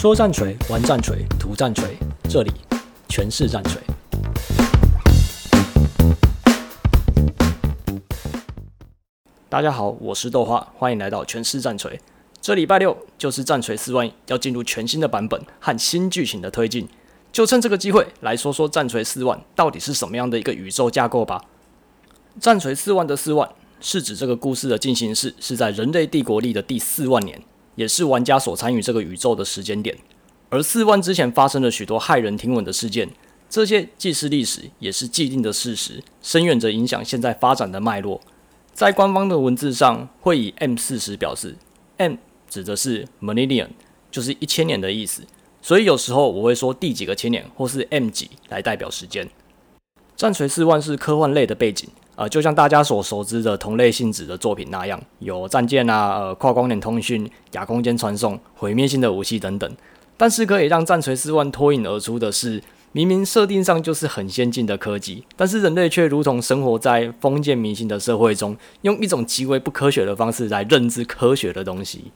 說戰鎚，玩戰鎚，圖戰鎚，這裡全是戰鎚。大家好，我是豆花，歡迎來到全視戰鎚。這禮拜六就是戰鎚四萬要進入全新的版本和新劇情的推進，就趁這個機會來說說戰鎚四萬到底是什麼樣的一個宇宙架構吧。戰鎚四萬的四萬是指這個故事的進行式是在人類帝國曆的第四萬年。也是玩家所參與這個宇宙的時間點，而四萬之前發生了許多駭人聽聞的事件，這些既是歷史，也是既定的事實，深遠着影響現在發展的脈絡。在官方的文字上，會以 M 四十表示，M 指的是 Millennium，就是一千年的意思。所以有時候我會說第幾個千年，或是 M 幾來代表時間。戰錘四萬是科幻類的背景。呃，就像大家所熟知的同類性質的作品那樣，有戰艦啊，呃，跨光年通訊、亞空間傳送、毀滅性的武器等等。但是可以讓《戰鎚四萬》脫穎而出的是，明明設定上就是很先進的科技，但是人類卻如同生活在封建迷信的社會中，用一種極為不科學的方式來認知科學的東西。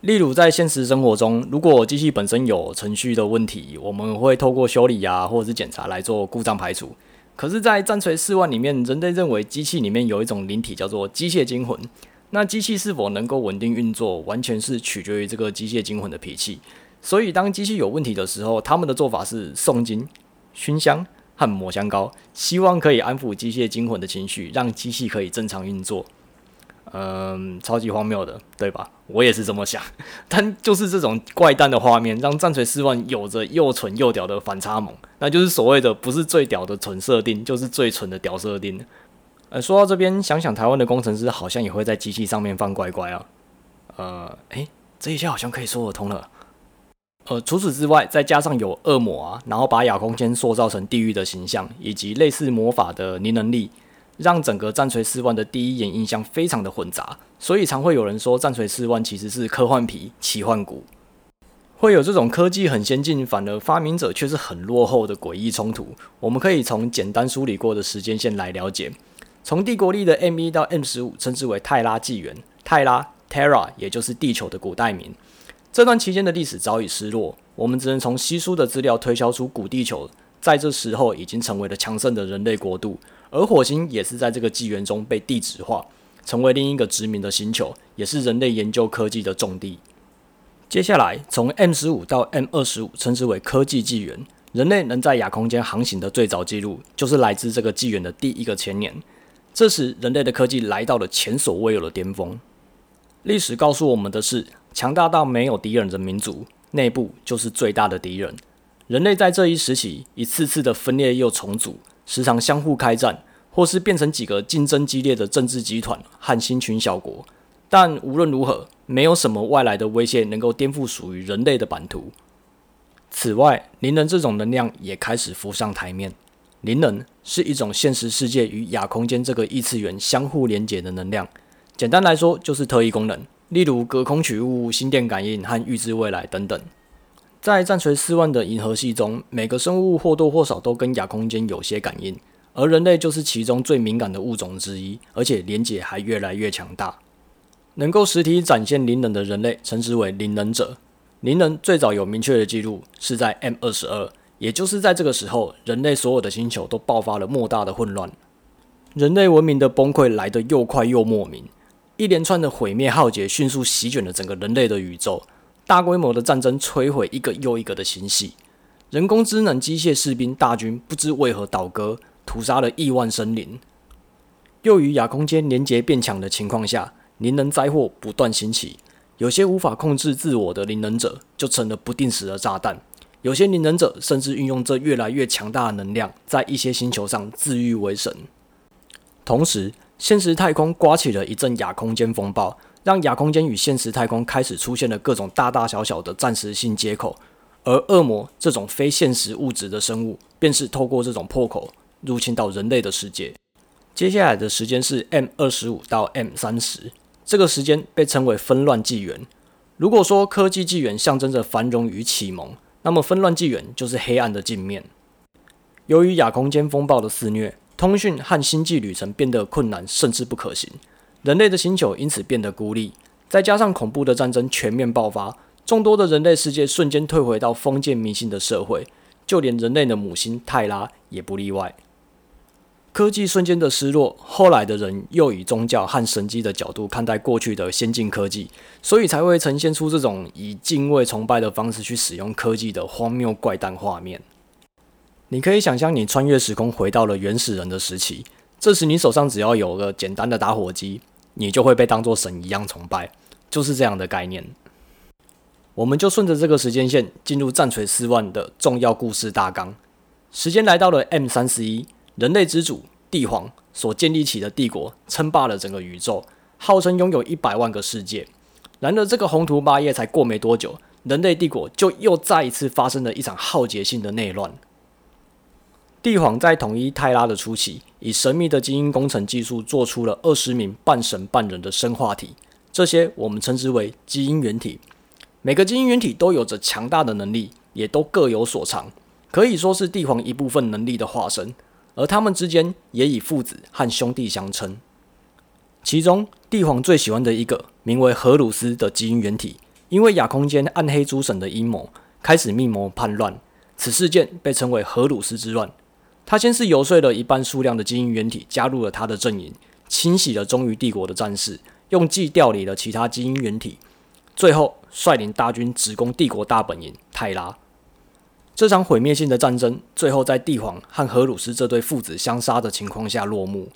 例如，在現實生活中，如果機器本身有程序的問題，我們會透過修理啊，或者是檢查來做故障排除。可是，在《戰錘四萬》裡面，人類認為機器裡面有一種靈體叫做機械精魂。那機器是否能夠穩定運作，完全是取決於這個機械精魂的脾氣。所以，當機器有問題的時候，他們的做法是誦經、熏香和抹香膏，希望可以安撫機械精魂的情緒，讓機器可以正常運作。嗯，超級荒謬的，對吧？我也是這麼想。 但就是這種怪誕的畫面，讓戰鎚四萬有着又蠢又屌的反差萌。那就是所謂的不是最屌的蠢設定，就是最蠢的屌設定。呃，說到這邊，想想台灣的工程師好像也會在機器上面放乖乖啊。呃，誒、欸，這一下好像可以說得通了。呃，除此之外，再加上有惡魔啊，然後把亞空間塑造成地獄的形象，以及類似魔法的靈能力。讓整個《戰錘四萬》的第一眼印象非常的混雜，所以常會有人說《戰錘四萬》其實是科幻皮奇幻骨，會有這種科技很先進，反而發明者卻是很落後的詭異衝突。我們可以從簡單梳理過的時間線來了解：從帝國曆的 M M1 一到 M 十五，稱之為泰拉紀元。泰拉 （Terra） 也就是地球的古代名。這段期間的歷史早已失落，我們只能從稀疏的資料推敲出古地球在這時候已經成為了強盛的人類國度。而火星也是在這個紀元中被地質化，成為另一個殖民的星球，也是人類研究科技的重地。接下來，從 M 十五到 M 二十五，稱之為科技紀元。人類能在亞空間航行的最早記錄，就是來自這個紀元的第一個千年。這時，人類的科技來到了前所未有的巔峰。歷史告訴我們的是，強大到沒有敵人的民族，內部就是最大的敵人。人類在這一時期，一次次的分裂又重組。時常相互開戰，或是變成幾個競爭激烈的政治集團和星群小國。但無論如何，沒有什麼外來的威脅能夠顛覆屬於人類的版圖。此外，靈能這種能量也開始浮上台面。靈能是一種現實世界與亞空間這個異次元相互連接的能量，簡單來說就是特異功能，例如隔空取物、心電感應和預知未來等等。在戰鎚四萬的銀河系中，每個生物或多或少都跟亞空間有些感應，而人類就是其中最敏感的物種之一，而且連結還越來越強大。能夠實體展現靈能的人類，稱之為靈能者。靈能最早有明確的記錄是在 M 二十二，也就是在這個時候，人類所有的星球都爆發了莫大的混亂，人類文明的崩潰來得又快又莫名，一連串的毀滅浩劫迅速席捲了整個人類的宇宙。大規模的戰爭摧毀一個又一個的星系，人工智能機械士兵大軍不知為何倒戈，屠殺了億萬生靈。又於亞空間連接變強的情況下，靈能災禍不斷興起。有些無法控制自我的靈能者就成了不定時的炸彈。有些靈能者甚至運用這越來越強大的能量，在一些星球上自愈為神。同時，現實太空刮起了一陣亞空間風暴。當亞空間與現實太空開始出現了各種大大小小的暫時性接口，而惡魔這種非現實物質的生物，便是透過這種破口入侵到人類的世界。接下來的時間是 M 二十五到 M 三十，這個時間被稱為紛亂紀元。如果說科技紀元象徵着繁榮與啟蒙，那麼紛亂紀元就是黑暗的鏡面。由於亞空間風暴的肆虐，通訊和星際旅程變得困難甚至不可行。人類的星球因此變得孤立，再加上恐怖的戰爭全面爆發，眾多的人類世界瞬間退回到封建迷信的社會，就連人類的母星泰拉也不例外。科技瞬間的失落，後來的人又以宗教和神蹟的角度看待過去的先進科技，所以才會呈現出這種以敬畏崇拜的方式去使用科技的荒謬怪誕畫面。你可以想象，你穿越時空回到了原始人的時期。這時，你手上只要有個簡單的打火機，你就會被當作神一樣崇拜，就是這樣的概念。我們就順着這個時間線進入《戰錘四萬》的重要故事大綱。時間來到了 M 三十一，人類之主帝皇所建立起的帝國稱霸了整個宇宙，號稱擁有一百萬個世界。然而，這個宏圖霸業才過沒多久，人類帝國就又再一次發生了一場浩劫性的內亂。帝皇在統一泰拉的初期，以神秘的基因工程技術做出了二十名半神半人的生化體，這些我們稱之為基因原體。每個基因原體都有着強大的能力，也都各有所長，可以說是帝皇一部分能力的化身。而他們之間也以父子和兄弟相稱。其中，帝皇最喜歡的一個名為荷魯斯的基因原體，因為亞空間暗黑諸神的陰謀，開始密謀叛亂。此事件被稱為荷魯斯之亂。他先是遊說了一半數量的基因原體加入了他的陣營，清洗了忠於帝國的戰士，用計調離了其他基因原體，最後率領大軍直攻帝國大本營泰拉。這場毀滅性的戰爭最後在帝皇和荷魯斯這對父子相殺的情況下落幕。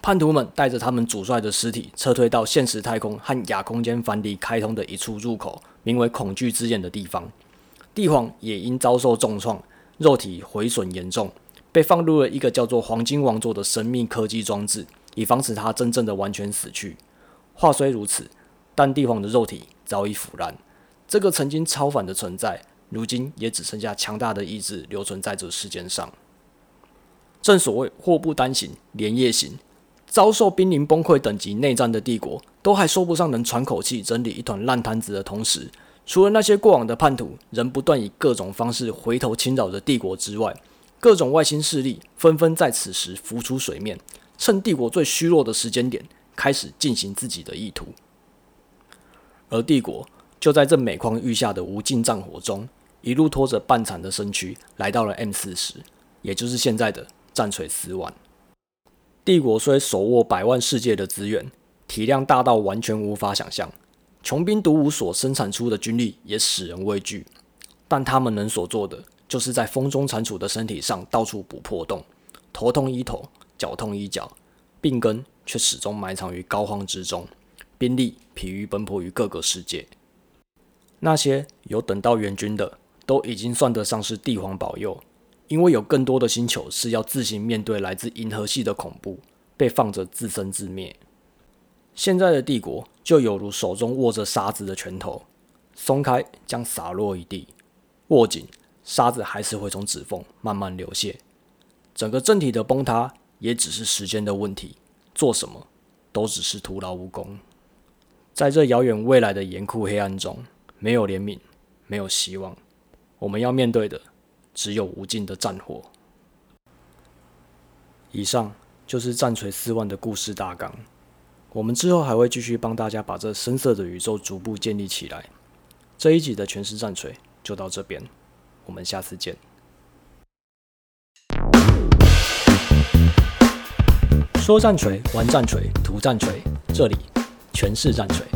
叛徒們帶着他們主帥的屍體撤退到現實太空和亞空間凡迪開通的一處入口，名為“恐懼之眼”的地方。帝皇也因遭受重創，肉體毀損嚴重。被放入了一個叫做“黃金王座”的神秘科技裝置，以防止他真正的完全死去。話雖如此，但帝皇的肉體早已腐爛，這個曾經超凡的存在，如今也只剩下強大的意志留存在這世間上。正所謂“禍不單行，連夜行”，遭受瀕臨崩潰等級內戰的帝國，都還說不上能喘口氣整理一團爛攤子的同時，除了那些過往的叛徒仍不斷以各種方式回頭侵擾着帝國之外，各種外星勢力紛紛在此時浮出水面，趁帝國最虛弱的時間點開始進行自己的意圖。而帝國就在這每況愈下的無盡戰火中，一路拖着半殘的身軀來到了 M 四十，也就是現在的戰錘四萬。帝國雖手握百萬世界的資源，體量大到完全無法想象，窮兵黷武所生產出的軍力也使人畏懼，但他們能所做的。就是在風中殘燭的身體上到處補破洞，頭痛醫頭，腳痛醫腳，病根卻始終埋藏於膏肓之中。兵力疲於奔波於各個世界，那些有等到援軍的，都已經算得上是帝皇保佑，因為有更多的星球是要自行面對來自銀河系的恐怖，被放着自生自滅。現在的帝國，就猶如手中握着沙子的拳頭，鬆開將灑落一地，握緊。沙子還是會從指縫慢慢流瀉，整個政體的崩塌也只是時間的問題。做什麼都只是徒勞無功。在這遙遠未來的嚴酷黑暗中，沒有憐憫，沒有希望，我們要面對的只有無盡的戰火。以上就是戰鎚四萬的故事大綱。我們之後還會繼續幫大家把這深色的宇宙逐步建立起來。這一集的全視戰鎚就到這邊。我們下次見。說戰鎚，玩戰鎚，塗戰鎚，這裡全是戰鎚。